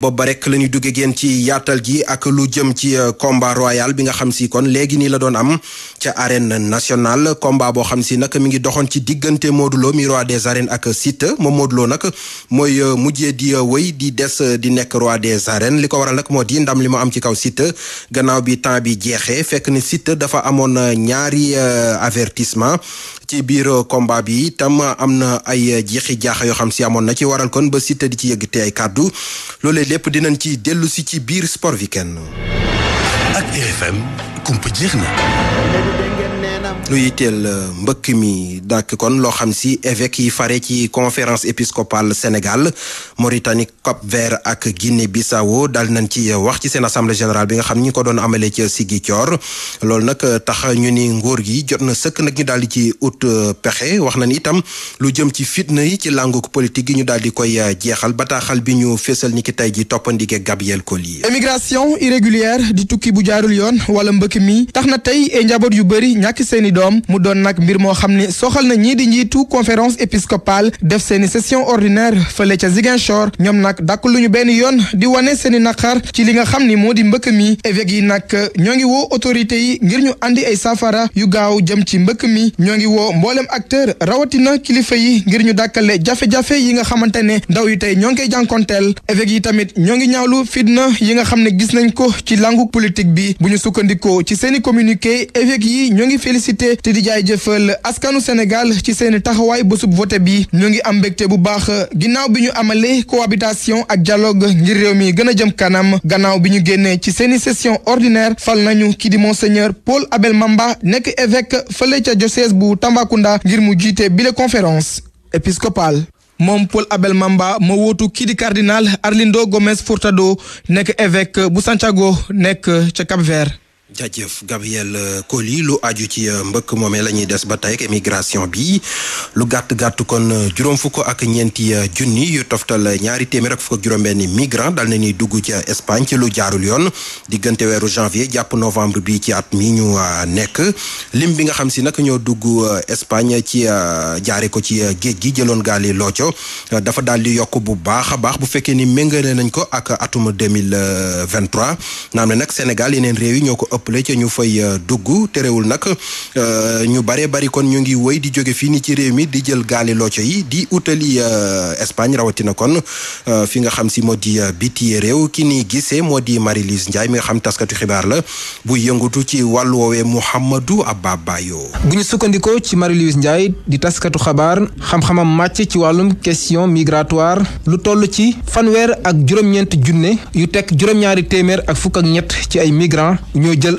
booba rek la ñuy duggee génn ci yaatal gi ak lu jëm ci euh, combat royal bi nga xam si kon léegi nii la doon am ca arène nationale combat boo xam si nag mi ngi doxoon ci diggante Modou Lo mi roi des arènes ak Siteu moom Modou Lo nag mooy euh, mujjee di euh, wëy di des di nekk roi des arènes li ko waral nag moo di ndam li mu am ci kaw Siteu gannaaw bi temps bi jeexee fekk ni Siteu dafa amoon ñaari avertissement ci biir combat bi itam am na ay jeexi jaaxa yoo xam si amoon na ci waral kon ba Siteu di ci yëg te ay kàddu loolee lépp dinañ ci dellusi ci biir sport weekend ak RFM kumpa jeex na lu yitteel euh, mbëkk mi dàkk kon loo xam si évêque yi fare ci conférence épiscopale Sénégal Mauritanie Cap Vert ak Guinée Bissau daal nañ ci wax ci seen assemblée générale bi nga xam ñi ko doon amalee ci Ziguinchor loolu nag tax ñu ni nguur gi jot na sëkk nag ñu daal di ci ut euh, pexe wax nañ itam lu jëm ci fitna yi ci lànguk politique yi ñu daal di koy euh, jeexal bataaxal bi ñu fésal ni ki tey ji toppandige Gabriel Collier. émigration irrégulière di tukki bu doom mu doon nag mbir moo xam ne soxal na ñii di njiitu conférence épiscopale def seeni session ordinaire fële ca Ziguinchor ñoom nag dakk lu ñu benn yoon di wone seeni naqar ci li nga xam ni moo di mbëkk mi évêque yi nag ñoo ngi woo autorité yi ngir ñu andi ay saafara yu gaaw jëm ci mbëkk mi ñoo ngi woo mboolem acteur rawatina kilifa yi ngir ñu dàkkale jafe-jafe yi nga xamante ne ndaw yi tey ñoo ngi koy jànkonteel évêque yi tamit ñoo ngi ñaawlu fitna yi nga xam ne gis nañ ko ci langu politique bi bu ñu yëkkatee te di jaay jëfal askanu Sénégal ci seen taxawaay bésub vote bi ñu ngi am mbégte bu baax ginnaaw bi ñu amalee cohabitation ak dialogue ngir réew mi gën a jëm kanam gannaaw bi ñu génnee ci seeni session ordinaire fal nañu ki di monseigneur Paul Abel Mamba nekk évêque fële ca diocèse bu Tambacounda ngir mu jiite bile conférence épiscopale moom Paul Abel Mamba ma wóotu kii di cardinal Arlindo Gomes Furtado nekk évêque bu Santiago nekk ca Cap-Vert jaajëf Gabriel Koli euh, lu aju ci euh, mbëkk moomee la ñuy des ba tey ak émigration bi lu gàtt gàtt kon euh, juróom fukk ak ñeenti junni yu toftal ñaari téeméer ak fukk ak juróom-benn migrant dal na ñuy dugg ci Espagne ci lu jaarul yoon diggante weeru janvier jàpp novembre bi ci at mi ñu nekk lim bi nga xam si nag ñoo dugg Espagne ci jaare ko ci géej gi jëloon gaali looco dafa daal di yokk bu baax a baax bu fekkee ni méngale nañ ko ak atum 2023 naam ne nag Sénégal yeneen réew yi ñoo ko ëpp jàppale ca ñu fay euh, dugg terewul nag euh, ñu bare bari kon ñu ngi woy di jóge fii nii ci réew mi di jël gaali looco yi di utali euh, Espagne rawatina kon fi nga xam si moo di biti réew ki ni gisee moo di Marie-Lise mi nga xam taskatu xibaar la bu yëngutu ci wàllu woowee Mouhamadou Abba Bayo bu ñu sukkandikoo ci Marie-Lise Ndiaye di taskatu xabaar xam-xamam màcc ci wàllum question migratoire lu toll ci fanweer ak juróom-ñeent junne yu tekk juróom-ñaari téeméer ak fukk ci ay migrants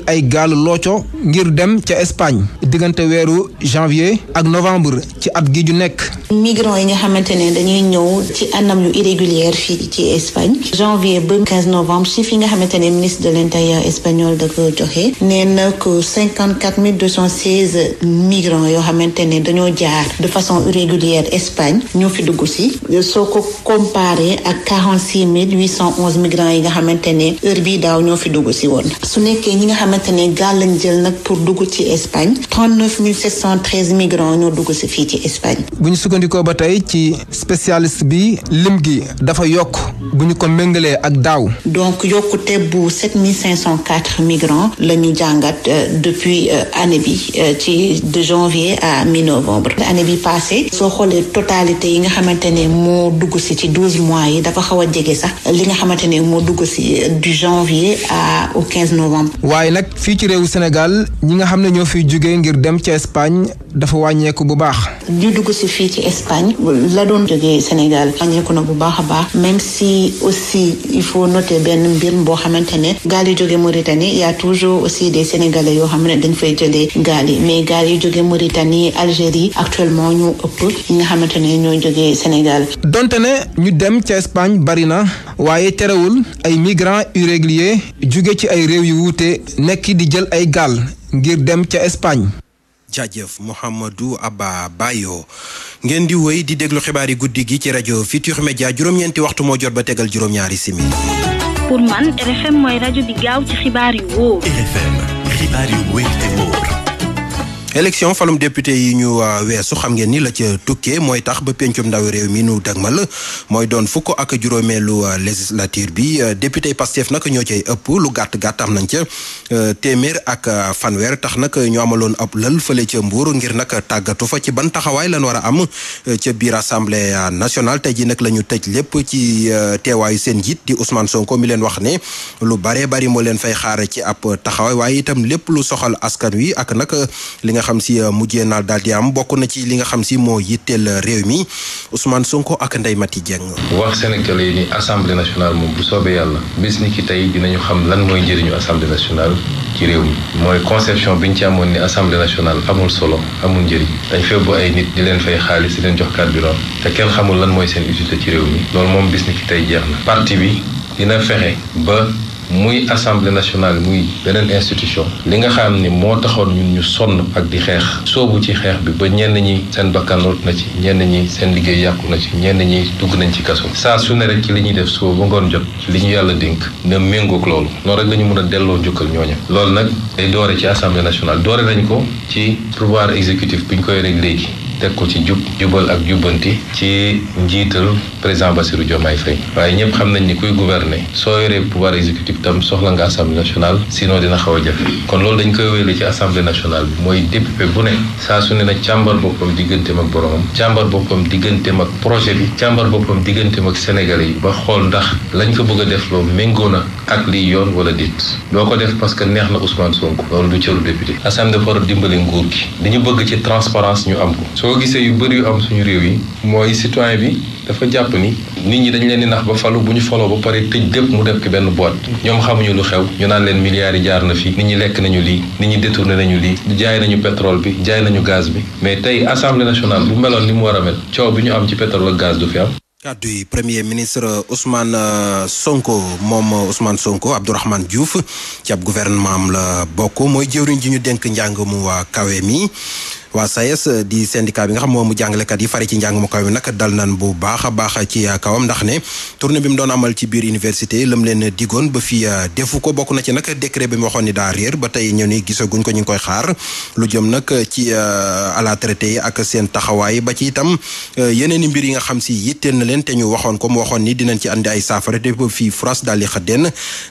jël ay gaalu looco ngir dem ca Espagne diggante weeru janvier ak novembre ci at gi ju nekk. migrants yi nga xamante ne dañuy ñëw ci anam yu irrégulière fii ci Espagne janvier ba 15 novembre chiffre yi nga xamante ne ministre de l'intérieur espagnol da ko joxe nee na ko 54 216 migrants yoo xamante ne dañoo jaar de façon irrégulière Espagne ñoo fi dugg si soo ko comparé ak 46 811 migrants yi nga xamante ne heure bii daaw ñoo fi dugg si woon su nekkee ñi nga xamante ne gaal lañ jël nag pour dugg ci Espagne 39 713 migrants ñoo dugg si fii ci Espagne. bu ñu sukkandikoo ba tey ci spécialiste bi lim gi dafa yokk bu ñu ko mëngalee ak daaw. donc yokkute bu 7504 migrants la ñu jàngat euh, depuis euh, année bi euh, ci de janvier à mi-novembre. année bi passée soo xoolee totalité yi nga xamante ne moo dugg si ci 12 mois yi dafa xaw a jege sax li nga xamante ne moo dugg si du janvier à au 15 novembre. tey fii ci réewu Sénégal ñi nga xam ne ñoo fi jóge ngir dem ci Espagne dafa wàññeeku bu baax. ñu dugg si fii ci Espagne la doon jógee Sénégal wàññeeku na bu baax a baax même si aussi il faut note benn mbir boo xamante ne gaal yi jógee Mauritanie y a toujours aussi des Sénégalais yoo xam ne dañ fay jëlee gaal yi mais gaal yi jógee Mauritanie Algérie actuellement ñu ëpp ñi nga xamante ne ñoo jógee Sénégal. donte ne ñu dem ci Espagne bari na waaye terewul ay migrants irréguliers jóge ci ay réew yu wuute nekk di jël ay gaal ngir dem ca Espagne. jaajëf Mouhamadou Abba Bayo ngeen di wéy di déglu yu guddi gi ci rajo Futurs Médias juróom-ñeenti waxtu moo jot ba tegal juróom-ñaari simi. pour man RFM mooy rajo bi gaaw ci xibaar yu wóor. élection falum député yi ñu euh, weesu xam ngeen ni la ca tukkee mooy tax ba pencum ndawi réew mi nu dagmal mooy doon fukk ak juróomeelu euh, législature bi euh, député Pastef nag ñoo cay ëpp lu gàtt gàttam am nañ ca téeméer ak fanweer tax nag ñu amaloon ab lël fële ca Mbuur ngir nag tàggatu fa ci ban taxawaay lan war a am ca biir assemblée national tey ji nag la ñu tëj lépp ci teewaayu seen njiit di Ousmane Sonko mi leen wax ne lu baree bari moo leen fay xaar ci ab taxawaay waaye itam lépp lu soxal askan wi nga xam si euh, mujjee naal daal di am bokk na ci li nga xam si moo yitteel euh, réew mi Ousmane ko ak Ndeye Mati Dieng. wax Sénégalais yi ni assemblée nationale moom bu soobee yàlla bis ni ki tey dinañu xam lan mooy njëriñu assemblée nationale ci réew mi mooy conception bi ñu ci amoon ni assemblée nationale amul solo amul njëriñ dañ febbu ay nit ñi leen fay xaalis di leen jox bi carburant te kenn xamul lan mooy seen utilité ci réew mi loolu moom bis ni ki tey jeex n muy assemblée nationale muy beneen institution li nga xam ni moo taxoon ñun ñu sonn ak di xeex soobu ci xeex bi ba ñenn ñi seen bakkan na ci ñenn ñi seen liggéey yàqu na ci ñenn ñi dugg nañ ci kaso saa su ne rek ci li ñuy def suba ba ngoon jot li ñu yàlla dénk na méngoog loolu loolu rek la ñu mën a delloo njukkal ñooña loolu nag day doore ci assemblée nationale doore nañ ko ci pouvoir exécutif bu ñu koy rek léegi teg ko ci jub jubal ak jubbanti ci njiital président Bassirou Diomaye fay waaye ñëpp xam nañ ni kuy gouverner soo yoree pouvoir exécutif tam soxla nga assemblée nationale sinon dina xaw a jafe kon loolu dañ koy wéyale ci assemblée nationale bi mooy député bu ne saa su ne na càmbar boppam digganteem ak boromam càmbar boppam digganteem ak projet bi càmbar boppam digganteem ak Sénégalais yi ba xool ndax lañ ko bëgg a def loo méngoo na ak liy yoon wala déet doo ko def parce que neex na Ousmane Sonko loolu du cëru député assemblée dafa war a gi dañu bëgg ci transparence ñu am ko boo gisee yu bëri yu am suñu réew yi mooy citoyen bi dafa jàpp ni nit ñi dañ leen di nax ba falu bu ñu faloo ba pare tëj lépp mu def ki benn boîte ñoom xamuñu lu xew ñu naan leen milliards yi jaar na fii nit ñi lekk nañu lii nit ñi détourné nañu lii jaay nañu pétrole bi jaay nañu gaz bi mais tey assemblée nationale bu meloon ni mu war a mel coow bi ñu am ci pétrole ak gaz du fi am kàddu yi premier ministre Ousmane euh, Sonko moom Ousmane Sonko Abdourahmane Diouf ci ab gouvernement am la bokk mooy jëwriñ ji ñu dénk njàng mu waa kawe mi waa SAES e di syndicat bi nga xam moom mu jàngalekat yi fare ci njàng mu kaw mi nag dal nan bu baax a baax ci kawam ndax ne tournée bi mu doon amal ci biir université lam leen digoon ba fi euh, defu ko bokk na ci nag décret bi mu waxoon ni daa réer ba tey ñëw ni gisaguñ ko ñu ngi koy xaar lu jëm nag ci euh, à la traité ak seen taxawaay ba ci itam euh, yeneen i mbir yi nga xam si yitteel na leen te ñu waxoon ko mu waxoon ni dinañ ci andi ay saafara te ba fii France daal di xëddeen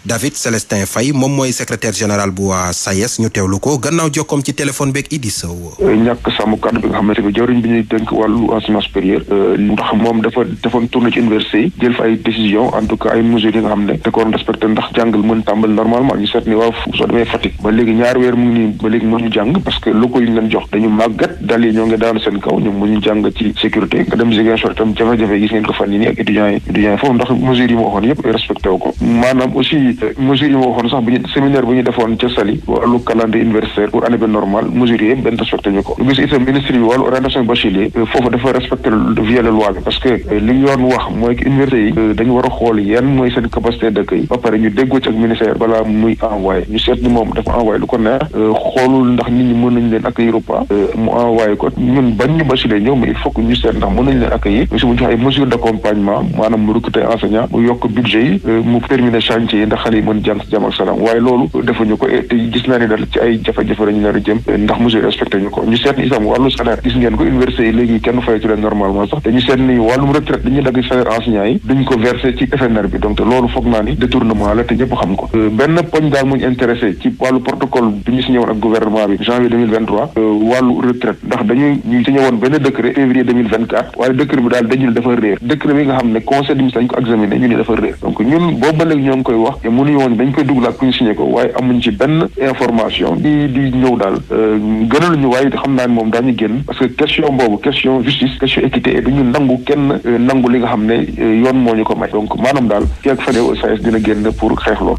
David Célestin Faye moom mooy secrétaire général bu waa SAES e ñu teewlu ko gannaaw jokkoom ci téléphone beeg Idi Sow Euh, ndax moom dafa defoon nga xam ne da ko respecté ndax jàngal mën tàmbal normalement ñu seet ni waaw soo demee Fatick ba léegi ñaari weer mu ngi nii ba léegi mënuñu jàng parce que locaux yi ñu jox dañu màggat dal yi ñoo ngi daanu seen kaw ñoom mënuñu jàng ci sécurité nga dem Ziguinchor itam jafe gis ngeen ko fan nii ak étudiants yi foofu ndax mesures yi ma waxoon yëpp ko maanaam aussi euh, mesures yi ma sax bu ñu séminaire bu ñu defoon ca Saly wàllu calendrier universitaire ñu gis itam ministre bi wàllu orientation bachelier euh, foofu dafa respecté violer loi bi parce que euh, li yoon wax mooy que université yi euh, dañu war xool yan mooy seen capacité d'accueil ba pare ñu déggoo ci ak ministère balaa muy envoyé ñu seet ni moom dafa envoyé lu ko neex xoolul ndax ñi mën nañu leen accueillir ou pas mu envoyé ko ñun bañ ñu bachelier ñëw mais il faut que ñu seet ndax mën nañu leen accueillir aussi mu jox ay mesures d'accompagnement maanaam mu recruter enseignant mu yokk budget yi mu terminer chantier yi ndax xale yi mën jàng si jàmm ay jafe-jafe lañu nar a kenn itam wàllu salaire gis ngeen ko université yi léegi kenn fayatu leen normalement sax dañu seet ni wàllum retraite dañuy dagg salaire enseignant yi duñ ko versé ci FNR bi donc loolu foog naa ni détournement la te ñëpp xam ko euh, benn poñ daal muñ intéressé ci wàllu protocole bi ñu signé woon ak gouvernement bi janvier 2023 euh, wàllu retraite ndax dañuy ñu signé woon benn décret février 2024 waaye décret bi daal dañu ne réer décret bi naa ne moom daañu génn parce que question boobu question justice question équité et duñu nangu kenn euh, nangu li nga xam ne euh, yoon moo ñu ko may donc maanaam daal fii ak fanweeri SAES dina génn pour xeex lool.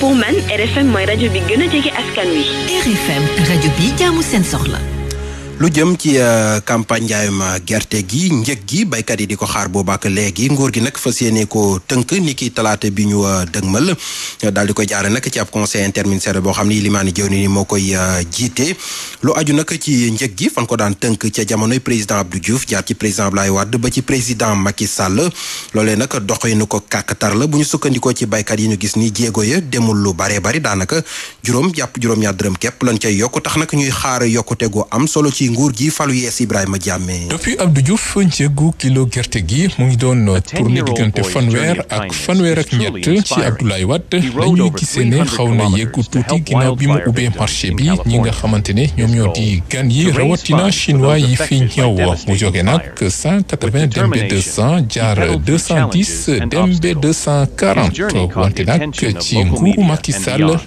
pour man RFM mooy rajo bi gën a jege askan wi. RFM rajo bi jaamu seen lu jëm ci euh, campagne njaayum gerte gi njëg gi baykat yi di ko xaar boobaak léegi nguur gi nag fa yéene ko tënk ni ki talaata bi ñu euh, dëgmal daal di koy jaare nag ci ab conseil interministériel boo xam ne limaani jëw ni moo koy euh, jiite lu aju nag ci njëg gi fan ko daan tënk ca jamonoy président Abdou Diouf jaar ci président Abdoulaye Wade ba ci président Macky Sall loolee nag doxinu ko kàkkatar la bu ñu sukkandikoo ci baykat yi ñu gis ni jéego ya demul lu baree bari daanaka juróom jàpp juróom-ñaar dërëm képp lan cay yokk tax nag ñuy xaar yokkute gu am solo ci ci nguur gi falu yees Ibrahima Diame. depuis Abdou Diouf njëgu kilo gerte gi mu ngi doon tourné diggante fanweer ak fanweer ak ñett ci Abdoulaye Wade dañuy gisee ne xaw na yeggu tuuti ginnaaw bi mu ubbee marché bi ñi nga xamante ne ñoom ñoo di gan yi rawatina chinois yi fi ñëw mu jóge nag cent deux cent quarante wante nag ci nguuru Macky Sall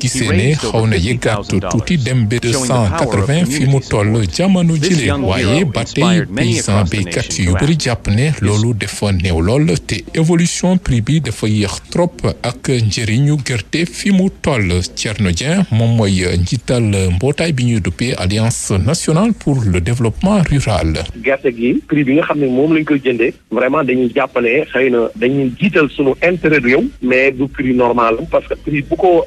gisee ne xaw na yeggaat tuuti dem deux cent quatre fi mu toll. jamono jile waaye ba tey paysan béykat yu bëri jàpp ne loolu dafa néew lool te évolution prix bi dafa yéex trop ak njëriñu gerte fi mu toll Thierno Dieng moom mooy njiital mbootaay bi ñuy duppee alliance nationale pour le développement rural. gerte gi prix bi nga xam ne moom lañ koy jëndee vraiment dañuy jàpp ne na dañuy jiital sunu intérêt réew mais du prix normal parce que prix bu ko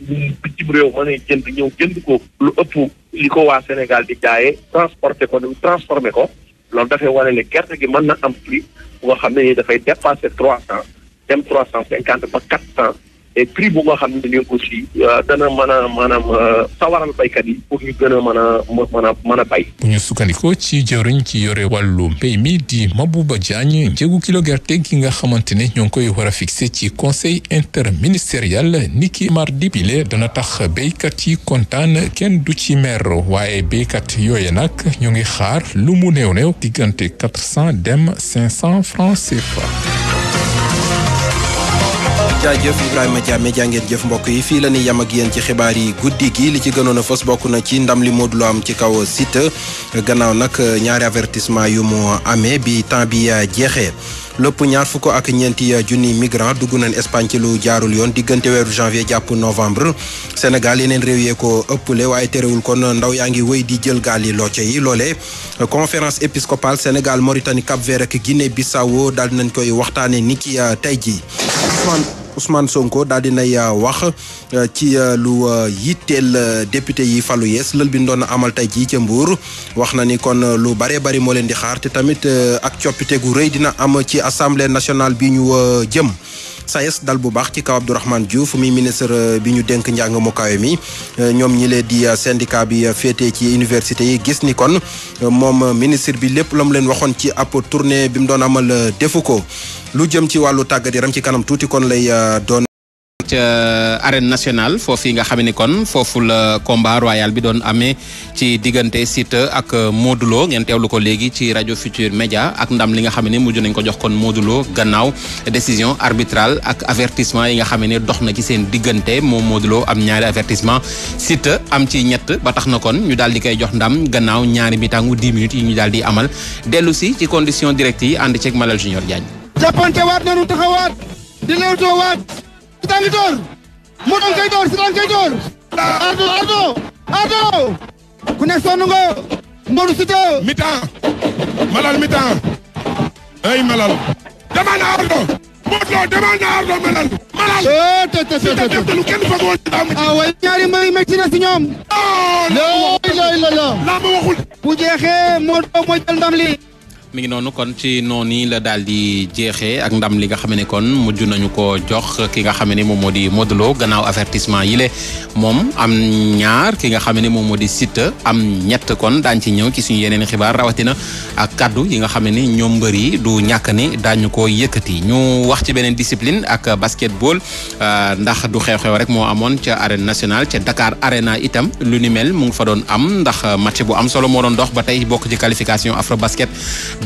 bitim euh, réew jënd ñëw jënd ko lu ëpp. li ko waa Sénégal di jaayee transporté ko ni transformé ko loolu dafay wane ne gerte gi mën na am prix bu nga xam ne ni dafay dépassé trois cent dem trois cent cinquante ba quatre cent et prix bu nga xam ne aussi euh, dana mën a maanaam euh, sawaral baykat a mën a bay. bu ñu sukkandikoo ci jëriñ ci yore wàllu mbéy mii di Mabouba Diagne njëgu kilo gerte gi nga xamante ne ñoo ngi koy war a fixé ci conseil interministériel niki mardi bile dana tax béykat yi kontaan kenn du ci mer waaye béykat yooye nag ñoo ngi xaar lu mu néew néew diggante quatre cent dem cinq cent francs CFA. jaajëf Ibrahima Diame jàngeen jëf mbokk yi fii la ñuy yem ak yéen ci xibaar yi guddi gi li ci gënoon a bokk na ci ndam li Modou Lo am ci kaw site gannaaw nag ñaari avertissement yu mu amee bi temps bi jeexee. lépp ñaar fukk ak ñeenti junni migrant dugg nañ Espagne ci lu jaarul yoon diggante weeru janvier jàpp novembre Sénégal yeneen réew yee ko ëppale waaye terewul kon ndaw yaa ngi wéy di jël gaal yi locce yi loole conférence épiscopale Sénégal Mauritanie Cap-Vert ak Guinée Bissau daal dinañ koy waxtaane ni ki euh, tey jii Ousmane Sonko daal nay euh, wax euh, ci lu yitteel député yi falu yees lël bi doon na amal tey jii ca Mbour wax na ni kon lu bare bari moo leen di xaar tamit ak coppite gu rëy dina assemblée nationale bi ñu euh, jëm SAES dal bu baax ci kaw Abdourahmane Diouf mi ministre euh, bi ñu dénk njàng mu kawe mi euh, ñoom ñi leen di syndicat bi féetee ci université yi gis ni kon moom ministre bi lépp la mu leen waxoon ci ab tournée bi mu doon amal defu ko lu jëm ci wàllu tàggat yaram ci kanam tuuti kon lay doon. ca arène nationale foofu nga xam ne kon foofu la combat royal bi doon amee ci diggante Siteu ak Modou Lo ngeen teewlu ko léegi ci rajo Futur Media ak ndam li nga xam ne mujj nañ ko jox kon Modou gannaaw décision arbitrale ak avertissement yi nga xam ne dox na ci seen diggante moo Modou Lo am ñaari avertissement Siteu am ci ñett ba tax na kon ñu daal di koy jox ndam gannaaw ñaari mitangu 10 minutes yi ñu daal di amal dellusi ci condition directe yi ànd ceeg Malal Junior Diagne. jàppante Siteu ngi door moo doon koy door Siteu koy door Ardo Ardo Ardo ku ne sonn nga mboolu mi-temps malal mi-temps ay malal demal na Ardo Modou Lo demal na Ardo malal malal Siteu def na lu kenn fagoo ci làmb ah way ñaari may metti na si ñoom la la la làmb waxul bu jeexee Modou Lo mooy ndam li mi ngi noonu kon ci noonu la daal di jeexee ak ndam li nga xam ne kon mujj nañu ko jox ki nga xam ne moom moo di Modou gannaaw avertissement yile moom am ñaar ki nga xam ne moom moo di Siteu am ñett kon daañ ci ñëw ci suñu yeneen xibaar rawatina ak kaddu yi nga xam ne ñoom mbër yi du ñàkk ni daañu ko yëkkati ñu wax ci beneen discipline ak basketball euh, ndax du xew-xew rek moo amoon ca arène national ca dakaar Arena itam lu ni mel mu ngi fa doon am ndax match bu am solo moo doon dox ba tey bokk ci qualification afro basket.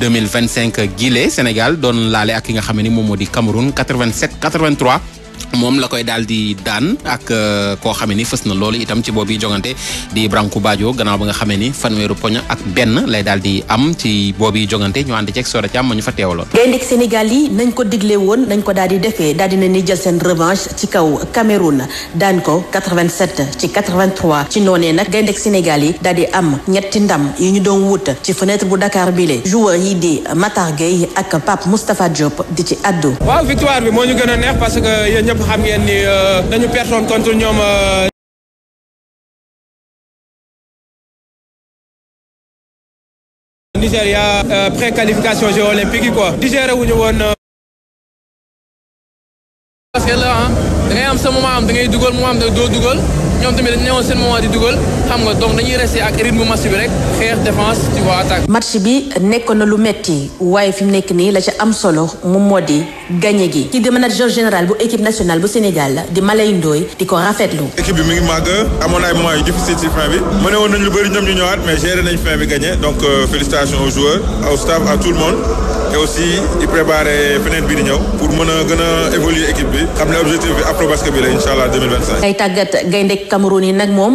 deux mille vingt cinq guilé Sénégal doon laale ak ki nga xam ne ni moom moo di Cameroun quatre vingt moom la koy daal di daan ak euh, koo xamee ni fës na loolu itam ci boobu jongante di Branco Badio gannaaw ba nga xamee ni fanweeru poñ ak benn lay daal di am ci boobu jongante ñu ànd ceeg Sora Thiam ma ñu fa teewaloon. gaynde Sénégal yi nañ ko digle woon nañ ko daal di defee daal di nañu jël seen revanche ci kaw Cameroun daan ko 87 ci 83 ci noonee nag gaynde Sénégal yi daal di am ñetti ndam yu ñu doon wut ci fenêtre bu Dakar bile joueur yi di Matar Gueye ak Pape Moustapha Diop di ci addu. waaw victoire bi moo ñu gën neex parce que ñëpp xam ngeen ni euh, dañu pertoon ñoom. Euh, Nigéria euh, pré-qualification Jeux olympiques yi quoi digéré wuñu woon. parce la ah da ngay am sa moment am am da doo ñoom tamit dañu xam nga donc dañuy rester ak rythme match bi rek nekkoon na lu metti waaye fi mu nekk nii la ci am solo moom moo di gagné gi. ci di manager général bu équipe nationale bu Sénégal di Malay Ndoye di ko rafetlu. équipe bi mi ngi màgg amoon ay moyens yu difficile ci fin bi mëne woon nañ lu bëri ñoom ñu ñëwaat mais géré nañ fin bi gagné donc euh, félicitations aux joueurs au staff à tout le monde. et aussi di préparer feneen bii di ñëw pour mën a gën a évoluer équipe bi xam ne objectif bi Afrobasket yi nag moom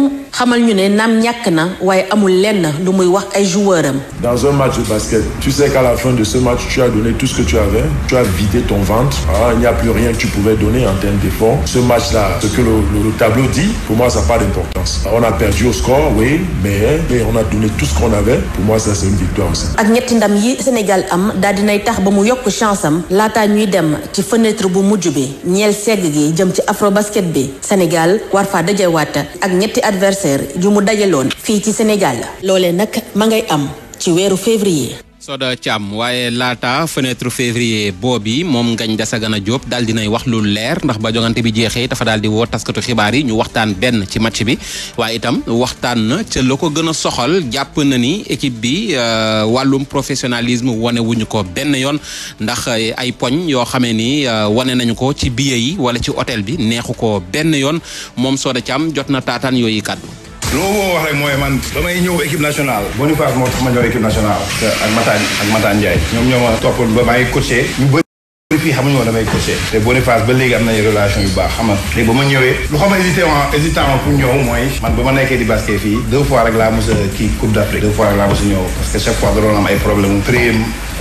ne naam ñàkk na waaye amul lenn lu muy wax ay joueur dans un match de basket tu sais qu'à la fin de ce match tu as donné tout ce que tu avais tu a vidé ton ventre ah il n'y a plus rien que tu pouvais donner en termes d'effort ce match là ce que le, le, le tableau dit pour moi ça n'a pas d'importance ah, on a perdu au score oui mais, on a donné tout ce qu'on avait pour moi ça c'est une victoire aussi. ak ñetti ndam yi Sénégal am daal dinay tax ba mu yokk chance am laataa bi ñeel segg gi jëm ci afro basket bi Sénégal mu dajaloon fii ci Sénégal loole nag ma ngay am ci weeru février Soda Thiam waaye laata fenêtre février boobi moom Ngagne Desagana Diop daal dinay wax lu leer ndax ba bi jeexee dafa daal di woo taskatu xibaar yi ñu waxtaan benn ci match bi waaye waxtaan na ca la ko gën a soxal jàpp na ni équipe bi euh, wàllum professionnalisme wane ko benn yoon ndax ay poñ yoo xamee ni euh, wane nañu ko ci billet yi wala ci hôtel bi neexu ko benn yoon moom Soda Thiam jot na taataan yooyu kàddu loo woo wax rek mooy man damay ñëw équipe nationale Boniface moo tax ma ñëw équipe nationale ak Mataan ak Mataan Ndiaye ñoom ñoo topp ba maa ngi ñu bëri fii xamuñu woon damay coaché te Boniface ba léegi am nañu relation yu baax xam nga léegi ba ma ñëwee lu xam ne hésité hésitant ñëw mooy man ba ma nekkee di basket fii deux fois rek laa mos a kii coupe d' Afrique deux fois laa mos ñëw parce que chaque fois da ay problème mu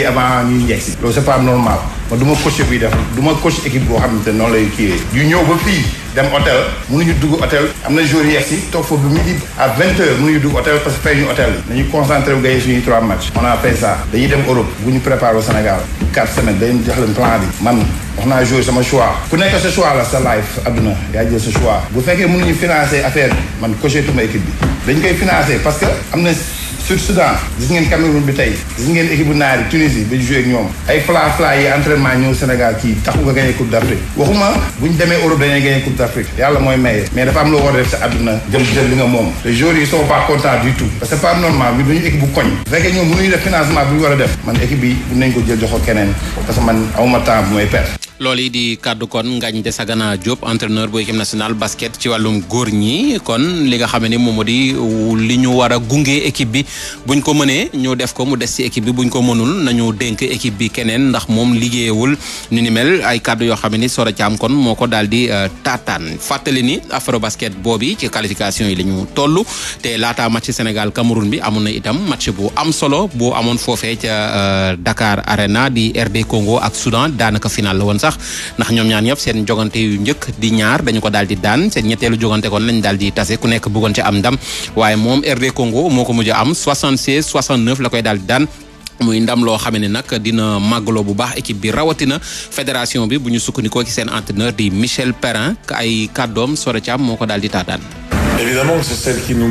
bi avant ñuy njëkk si loolu c'est pas normal man du ma coach def du ma équipe boo xamante ne noonu lay kiiwee ñu ñëw ba fii dem hôtel mënuñu dugg hôtel am na jour yeeg si toog foofu bi midi à vingt heures mënuñu hôtel parce que fay ñu hôtel yi nañu concentré bu gayee suñuy trois matchs on a fait ça dañuy dem Europe bu ñu préparé Sénégal quatre semaines dañ jox leen plan bi man wax naa joué sama choix ku nekk sa choix la sa life adduna yaa jël sa choix bu fekkee mënuñu financer affaire man coaché tuma équipe que am na sur Soudan gis ngeen Cameroun bi tey gis ngeen équipe bu naar yi Tunisie bi joué ak ñoom ay fla fla yi entraînement ñëw Sénégal kii taxu nga gagné coupe d' waxuma bu ñu demee Europe dañuy gagné coupe d' yàlla mooy maye mais dafa am loo war a def sa àdduna jël jël li nga moom les joueurs yi sont pas contents du tout parce que pas normal bi dañu équipe bu koñ fekkee ñoom mënuñu def financement bu war a def man équipe bi nañ ko jël joxo keneen loolu yi di kàddu kon Ngagne Desagana Diop entraîneur bu équipe nationale basket ci wàllum góor ñi kon li nga xam ne moom moo di li ñu war a gunge équipe bi buñ ko mënee ñu def ko mu des ci équipe bi buñ ko mënul nañu dénk équipe bi keneen ndax moom liggéeyewul ñu ni mel ay kàddu yoo xam ne Sora Thiam kon moo ko daal di euh, taataan fàttali ni afro basket boobi ci qualification yi la ñu toll te laataa match Sénégal Cameroun bi amoon na itam match bu am solo bu amoon foofee ca euh, Dakar Arena di RD Congo ak Soudan daanaka final ndax ñoom ñaan ñëpp seen jogante yu njëkk di ñaar dañu ko daal di daan seen ñetteelu jogante kon lañ daal di tase ku nekk bëggoon ci am ndam waaye moom RD Congo moo ko mujj am 76 69 la koy daal di daan. muy ndam loo xam ne nag dina màggaloo bu baax équipe bi rawatina fédération bi bu ñu sukkandikoo ci seen entraîneur di Michel Perrin ay kàddoom sore ci am moo ko daal di taataan. évidemment que c'est celle qui ni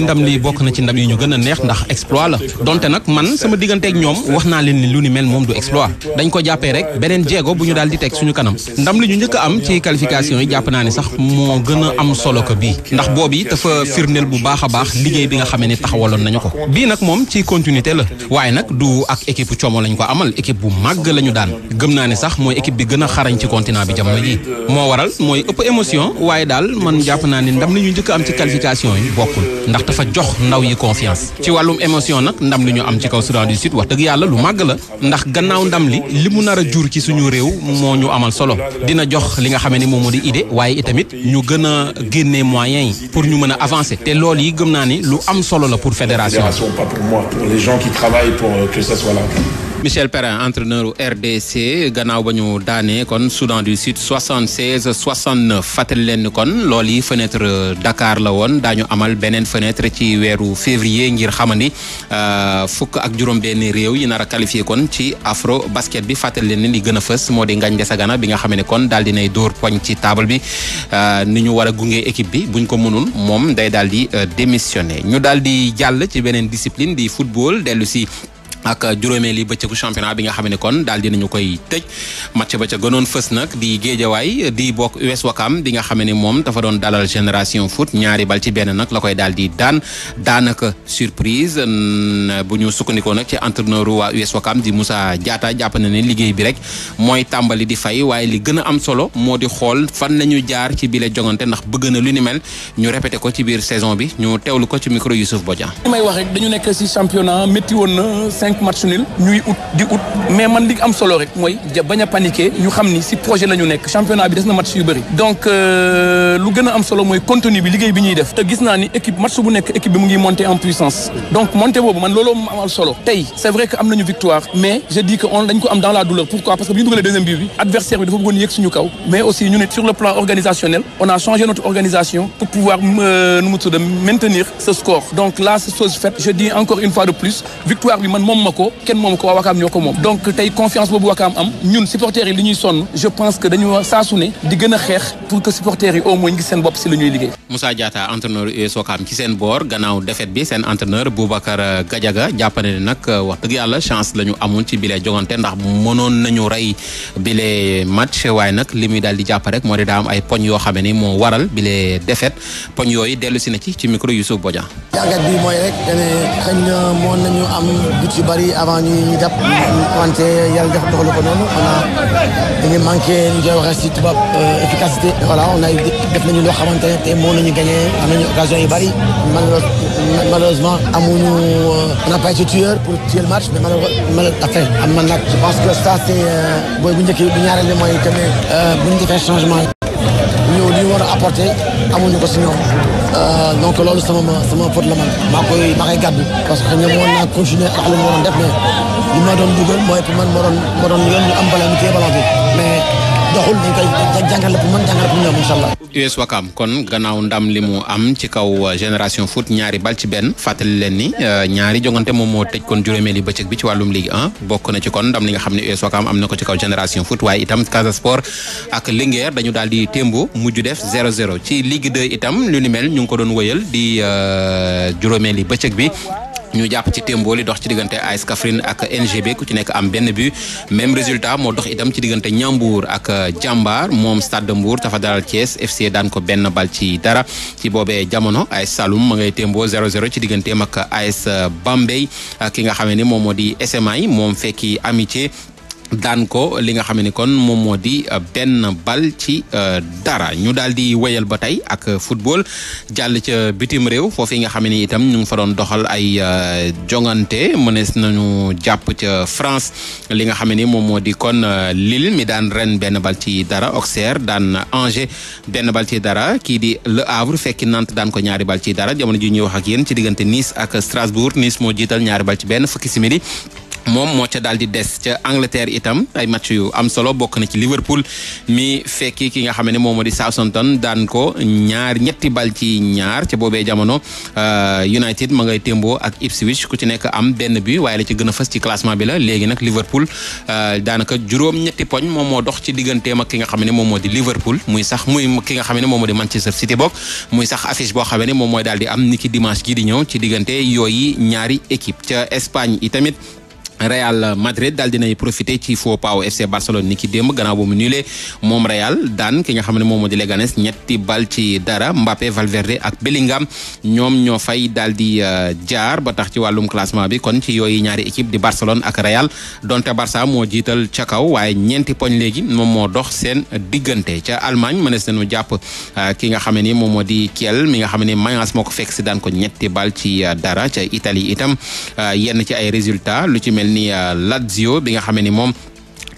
ndam li bokk na ci ndam yi ñu gën neex ndax exploit la donte nag man sama digganteeg ñoom wax naa leen ni lu ni mel moom du exploit dañ ko jàppee rek beneen jéego bu ñu daal di teg suñu kanam ndam li ñu njëkk a am ci qualification yi jàpp naa ne sax moo gën a am solo ko bii ndax boobu dafa firndeel bu baax a baax liggéey bi nga xamee ne taxawaloon nañu ko bii nag moom ci continuité la waaye nag du ak équipe coomo lañ ko amal équipe bu màgg la ñu daan gëm naa ne sax mooy équipe bi gën a xarañ ci continent bi jamono ji moo ëpp émotion waaye daal man jàpp naa ne ndam li ñu njëkk am ci qualification yi bokkul ndax dafa jox ndaw yi confiance ci wàllum émotion nag ndam li ñu am ci kaw Soudan du Sud wax dëgg yàlla lu màgg la ndax gannaaw ndam li li mu nar a jur ci suñu réew moo ñu amal solo dina jox li nga xamee ni moom moo di idée waaye itamit ñu gën a génnee moyens yi pour ñu mën a avancer te lool yi gëm naa ni lu am solo la pour fédération pas pour moi pour les gens qui travaillent pour euh, Michel Perrin entraîneur RDC gannaaw ba ñu daanee kon Soudan du Sud 76 69 fàttali leen kon lool yi fenêtre euh, Dakar la woon daañu amal beneen fenêtre ci weeru février ngir xamandi euh, fukk ak juróom-benn réew yi nar a qualifié kon ci afro basket bi fàttali leen li gën a fës moo di ngañ Ngagne gana bi nga xam ne kon daal di nay dóor poñ ci taabal bi euh, ni ñu war gunge équipe bi buñ ko mënul moom day daal di démissionné ñu daal di jàll ci beneen discipline di football dellu si. ak juróomeeli bëccëgu championnat bi nga xam ne kon daal dinañu koy tëj match ba ca gënoon fës nag di géejawaay di bokk US Wakam bi nga xam ni moom dafa doon dalal génération foot ñaari bal ci benn nag la koy daal di daan daanaka surprise bu ñu sukkandikoo nag ci entraîneur waa US Wakam di Moussa Diatta jàpp na ne liggéey bi rek mooy tàmbali di fay waaye li gën a am solo moo di xool fan la ñu jaar ci bile jongante ndax bëgg na lu ni mel ñu répété ko ci biir saison bi ñu teewlu ko ci micro Youssouf Bodian. li may ak match nul ñuy ut di ut mais man li am solo rek mooy bañ a paniquer xam ni si projet la nekk championnat bi des na match yu bëri donc euh, lu gën a am solo mooy contenu bi liggéey bi ñuy def te gis naa ni équipe match bu nekk équipe bi mu ngi monter en puissance donc monter boobu man looloo mu amal solo tey c'est vrai que am nañu victoire mais je dis que dañ ko am dans la douleur pourquoi parce que bi ñu dugalee deuxième but bi adversaire bi dafa bëggoon moom ma ko kenn moom ko waa Wakaam ñoo ne di a xeex pour que ci seen boor gannaaw défaite bi seen entraîneur Boubacar Gadiaga jàppane ne nag wax dëgg yàlla chance la ñu amoon ci bile jogante ndax mënoon nañu rey bile match waaye nag li muy daal di jàpp rek moo di daa am ay poñ yoo xamee ni moo waral bile défaite poñ yooyu dellu si na ci ci micro Youssouf Bodian jàngat bi bari avant ñuy ñu jàpp wante yàlla def doxalu ko noonu on a dañu manqué ñu koy waxee si tubaab euh, efficacité. voilà on a def nañu loo xamante ne te moo nañu gagné am nañu occasion yu bari malheureusement amuñu euh, on n'a pas été tueur pour tuer le match mais malheureusement enfin am man nag je pense que ça c'est euh, booy bu njëkk bu ñaareel bi mooy que ne bu ñu defee changement ñëw li ñu war a apporter amuñu ko si ñoom. Euh, donc loolu sama sama pot la man maa koy maa koy gàddu parce que ñoom woon naa continuer ak li mu waroon def mais li ma doon dugal mooy pour man ma doon ma doon yoon ñu am bala ñu téye balaa bi mais doxul US Wakaam kon gannaaw ndam li mu am ci kaw euh, génération foot ñaari bal ci benn fàttali leen ni euh, ñaari jongante moom moo tëj kon juróomeeli bëccëg bi ci wàllum Ligue 1 bokk na ci kon ndam li nga xam ne US Wakaam am na ko ci kaw génération foot waaye itam Casa Sport ak Linguère dañu daal di témbo mujj def 0-0 ci Ligue 2 itam lu ni mel ñu ngi ko doon woyal di euh, juróomeeli bëccëg bi ñu jàpp ci témbooli dox ci diggante AS Kaffrine ak NGB ku ci nekk am benn but même résultat moo dox itam ci diggante Ñambour ak euh, Jàmbaar moom Stade mbuur dafa dalal Thiès FC daan ko benn bal ci dara ci boobee jamono AS Saloum ma ngay témboo 0-0 ci digganteem ak euh, AS euh, Bambey ki nga xam ni moom moo di SMA yi moom fekki amitié. daan ko li nga xam ni kon moom moo di euh, benn bal ci euh, dara ñu daal di wéyal ba tey ak euh, football jàll ca bitim réew foofu nga xam ne itam ñu ngi fa doon doxal ay jongante mënees nañu jàpp ca France li nga xam ne moom moo di kon Lille mi daan ren benn bal ci dara Auxerre daan Angers benn bal ci dara kii di Le Havre fekki Nantes daan ko ñaari bal ci dara jamono ji ñuy wax ak yéen ci diggante Nice ak Strasbourg Nice moo jiital ñaari bal ci benn fukki simili moom moo ca daal di des ca Angleterre itam ay match yu am solo bokk na ci Liverpool mi fekki ki nga xam ne moom moo di Southampton daan ko ñaar ñetti bal ci ñaar ca boobee jamono euh, United ma ngay témboo ak Ipswich ku ci nekk am benn bi waaye la ci gën a fës ci classement bi la léegi nag Liverpool euh, daanaka juróom-ñetti poñ moom moo dox ci digganteem ak ki nga xam ne moom moo di Liverpool muy sax muy ki nga xam ne moom moo di Manchester City bokk muy sa affiche boo xam ne moom mooy daal di am niki dimanche di ñëw ci diggante yooyu ñaari équipe ca Espagne itamit Real Madrid daal dinay profité ci faux pas FC Barcelone ni ki démb gannaaw ba mu nulé moom Real daan ki nga xam ne moom moo di Leganés ñetti bal ci dara Mbappé Valverde ak Bellingham ñoom ñoo fay daal di euh, jaar ba tax ci wàllum classement bi kon ci yooyu ñaari équipe di Barcelone ak Real donte Barça moo jiital ca kaw waaye ñeenti poñ léegi moom moo dox seen diggante ca Allemagne mënees nañu jàpp euh, ki nga xam ne ni moom moo di Kiel mi nga xam ne Mayence moo ko fekk si daan ko ñetti bal ci euh, dara ca Italie itam yenn mel ni euh, Lazio bi nga xam ni moom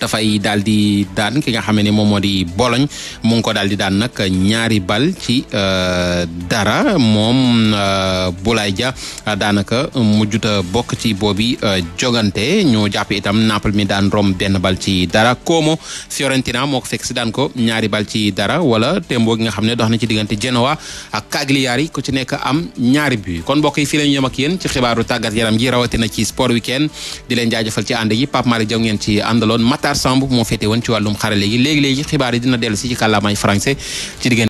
dafay daal di daan ki nga xam ne moom moo di Bologne mu ko daal di daan nag ñaari bal ci euh, dara moom euh, Boulaye Dia euh, daanaka mujjuta bokk ci boobi jogante ñu jàpp itam napal mi daan Rome benn bal ci dara Como Fiorentina moo ko fekk si daan ko ñaari bal ci dara wala tembo gi nga xam ne dox na ci diggante Genoa ak yi ku ci nekk am ñaari but kon mbokk yi fii la ñu yem ci xibaaru tàggat yaram ji rawatina ci sport weekend di leen jaajëfal ci ànd yi Pape Makhtar Samb ci wàllum xarale gi léegi-léegi xibaar dina dellu si ci kàllaamay français ci diggante